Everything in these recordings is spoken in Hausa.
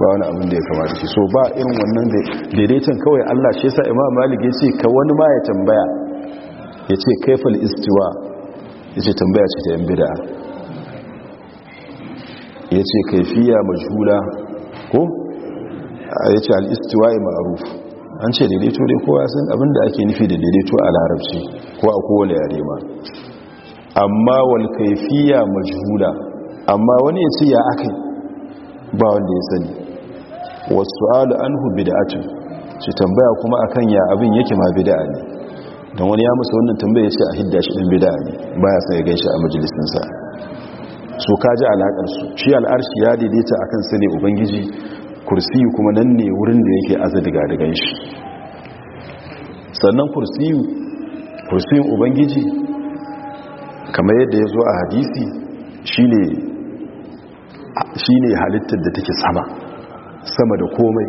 ba wani abin da ya kamata shi so ba irin wannan da daidaiton kawai Allah shi sa Imam Malik ya ce ka wani ma ya tambaya ya ce kaifal istiwa ya ce tambaya ce ta yan bid'a ya ce kaifiya majhula ko ya ce al-istiwa ma'ruf an ce daidaito dai kowa sun abin da ake nufi da daidaito a larabci ko a kowane yare ma amma wal kaifiya majhula amma wani ya ce ya yi ba wanda ya sani wasu alu an da bida'atun shi tambaya kuma akan ya abin yake ma bida'a ne don wani ya musu wannan tambaya ya a hidda shi ɗin bida'a ne ba ya sai gaishe a majalisinsa so ka ji alaƙarsu shi al'arshi ya daidaita a kan sani ubangiji kursi kuma nan ne wurin da yake aza daga shi sannan kursi kursiyun ubangiji kamar yadda ya zo a hadisi shi ne shi ne halittar da take sama sama da komai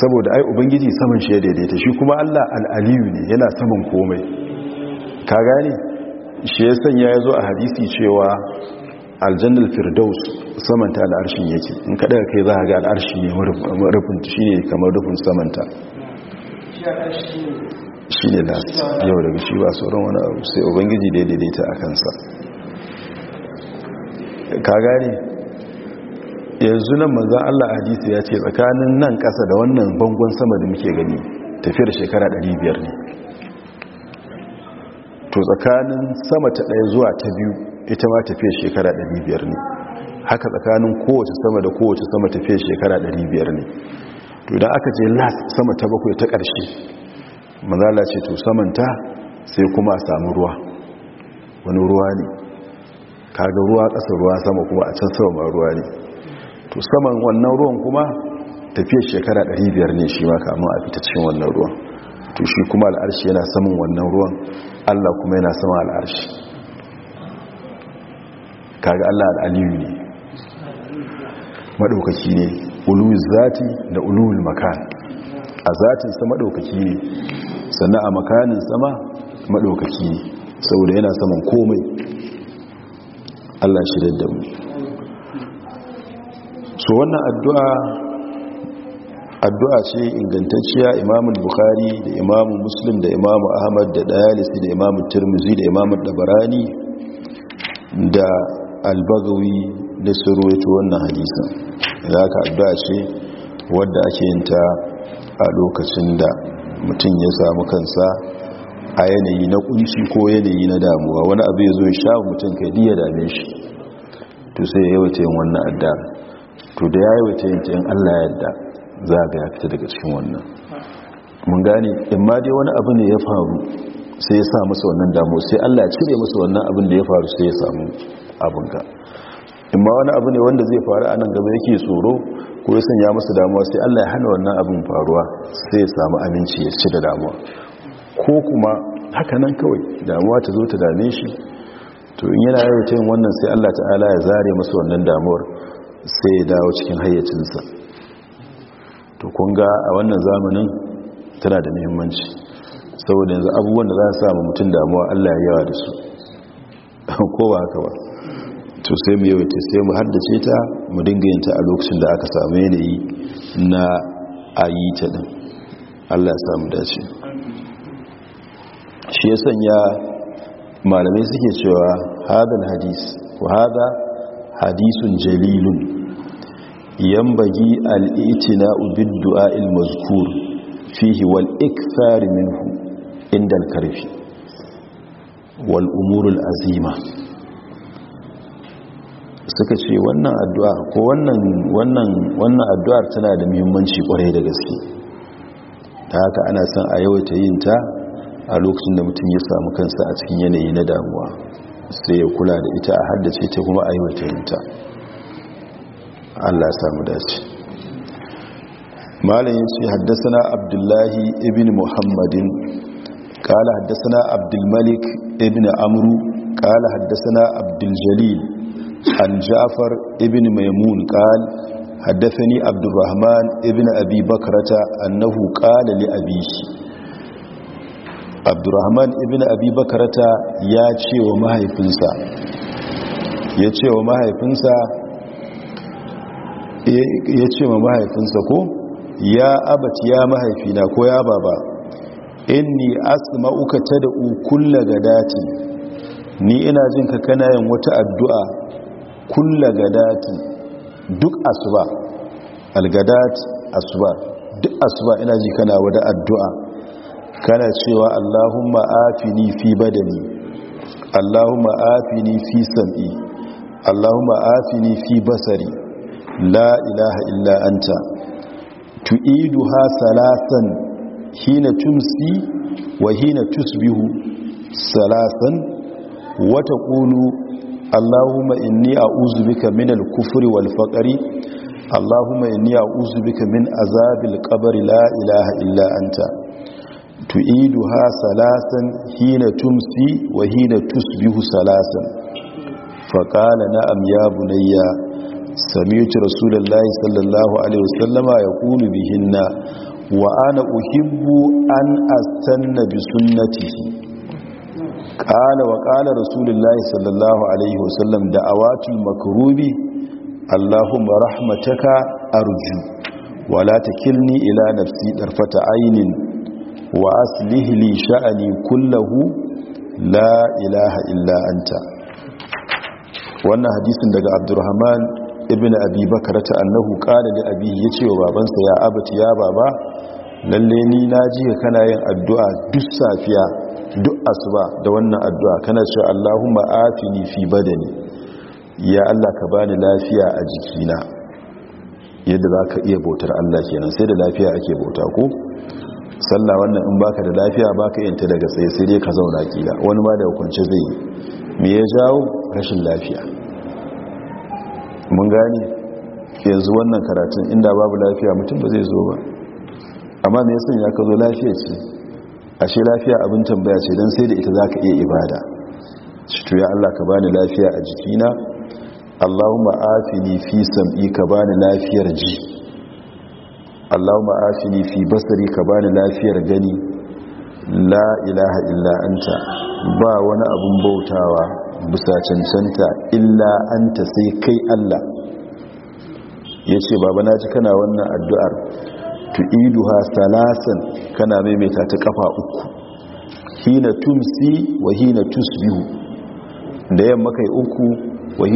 saboda ai ubangiji saman shi ya daidaita shi kuma allah al'aliyu ne yana saman komai ka gane shi ya sanya ya zo a hadisi cewa aljannal firdaus samanta al'arshin yake in ka daga kai za a ga al'arshi ne rufin shi ne kamar rufin samanta shi ne last yau daga shi ba sauran wani abu sai ubangiji da ya daidaita a kansa ka gane yanzu nan maza Allah hadisi ya ce tsakanin nan ƙasa da wannan bangon sama da muke gani tafiyar shekara 500 ne to tsakanin sama ta ɗaya zuwa ta biyu ita ma tafiyar shekara 500 ne haka tsakanin kowace sama da kowace sama tafiyar shekara 500 ne to idan aka je las sama ta bakwai ta ƙarshe Allah ce to samanta sai kuma a samu ruwa wani ruwa ne kaga ruwa ƙasa ruwa sama kuma a can sama ruwa ne to saman wannan ruwan kuma tafiyar shekara 500 ne shi ma kamun a fita cikin wannan ruwan to shi kuma al'arshi yana saman wannan ruwan allah kuma yana saman al'arshi kaga allah al'aliyu ne madaukaki ne uluwul zati da uluwul makan a zatinsa madaukaki ne sannan a makanin sama madaukaki ne saboda yana saman komai allah shi da mu so wannan addu'a addu'a ce ingantacciya Imamin bukhari da imamu muslim da imamu ahmad da dayalisi da imamu turmuzi da imamu dabarani da albagawi da surwaito wannan hadisan za ka addu'a ce wadda ake yin ta a lokacin da mutum ya samu kansa a yanayi na kunci ko yanayi na damuwa wani abu ya zo ya sha mutum kai diya dame shi to sai ya wata yin wannan addu'a to da ya yi wace yanki in allah yadda za ga ya fita daga cikin wannan mun gane in ma dai wani abu ne ya faru sai ya sa masa wannan damu sai allah cire masa wannan abin da ya faru sai ya samu abin ka in ma wani abu ne wanda zai faru a nan gaba yake tsoro ko ya sanya masa damuwa sai allah ya hana wannan abin faruwa sai ya samu aminci ya ci da damuwa ko kuma haka nan kawai damuwa ta zo ta dame shi to in yana yau ta yin wannan sai allah ta'ala ya zare masa wannan damuwar sai ya dawo cikin hayyacinsa to kunga a wannan zamanin tana da muhimmanci saboda yanzu abubuwan da za su samu mutum damuwa allah ya yawa da su Ko ba haka ba to sai mu yawaita sai mu haddace ta mu dinga yin ta a lokacin da aka samu yanayi na a yi ta din allah ya samu dace shi ya sanya malamai suke cewa hadal hadis ko hada hadisun jalilun yambagi al'itina ubid du'a ilmazkur fihi wal ikfari minhu inda alkarfi wal umurul azima suka ce wannan addu'a ko wannan addu'ar tana da muhimmanci kwarai da gaske ta haka ana son a yawaita yin ta a lokacin da mutum ya samu kansa a cikin yanayi na damuwa sai ya kula da ita a haddace ta kuma a yi wata yinta allah samu dace malin ya haddasa abdullahi ibn muhammadin kala haddasa na abdulmalik ibn amru kala haddasa na abduljalil an jafar ibn maimun kal haddasa ni abdulrahman ibn abi bakarata annahu kala li abishi abdurrahman ibn abi ta ya ce wa mahaifinsa ya ce wa mahaifinsa ya ce wa mahaifinsa ko ya abaci ya mahaifina ko ya baba inni asma'uka tad'u kullu gadati ni ina jin ka kana yin wata addu'a kullu gadati duk asuba algadat asuba duk asuba ina ji kana wada addu'a kana cewa allahumma afini fi badani allahumma afini fi sam'i allahumma afini fi basari la ilaha illa anta tu'iduha salasan hina tumsi wa hina tusbihu salasan wa taqulu allahumma inni a'udhu bika min al-kufri wal faqri allahumma inni a'udhu bika min azabil ƙabari la ilaha illa anta tu'iduha salasan hina tumsi wa hina tusbihu salasan faƙala na'am ya bunayya sami'tu rasulullahi sallallahu alaihi wasallama yaqulu bihinna wa ana uhibbu an astanna bi sunnatihi qala wa qala rasulullahi sallallahu alaihi wasallam da'awatul makrubi allahumma rahmataka arju wa la takilni ila nafsi darfata aynin wa lihili sha'ani kullahu la ilaha illa anta wannan hadisin daga abdurrahman ibn abi bakar ta annahu qala li abihi yace wa babansa ya abati ya baba lalle ni naji kana yin addu'a duk safiya duk asuba da wannan addu'a kana cewa allahumma afini fi badani ya allah ka bani lafiya a jikina yadda za ka iya bautar allah kenan sai da lafiya ake bauta ko sallah wannan in baka da lafiya baka yanta daga tsaye sai dai ka zauna kila wani ma da hukunci zai yi me ya jawo rashin lafiya mun gane yanzu wannan karatun inda babu lafiya mutum ba zai zo ba amma me yasan ya ka zo lafiya ce ashe lafiya abin tambaya ce dan sai da ita za ka iya ibada to ya Allah ka bani lafiya a jikina Allahumma afini fi sam'i ka bani lafiyar ji allahumma afini fi basari ka bani lafiyar gani la ilaha illa anta ba wani abun bautawa bisa cancanta illa anta sai kai allah ya ce baba na ji kana wannan addu'ar tu'iduha salasan kana maimaita ta kafa uku hina tumsi wa hina tusbihu da yamma kai uku wa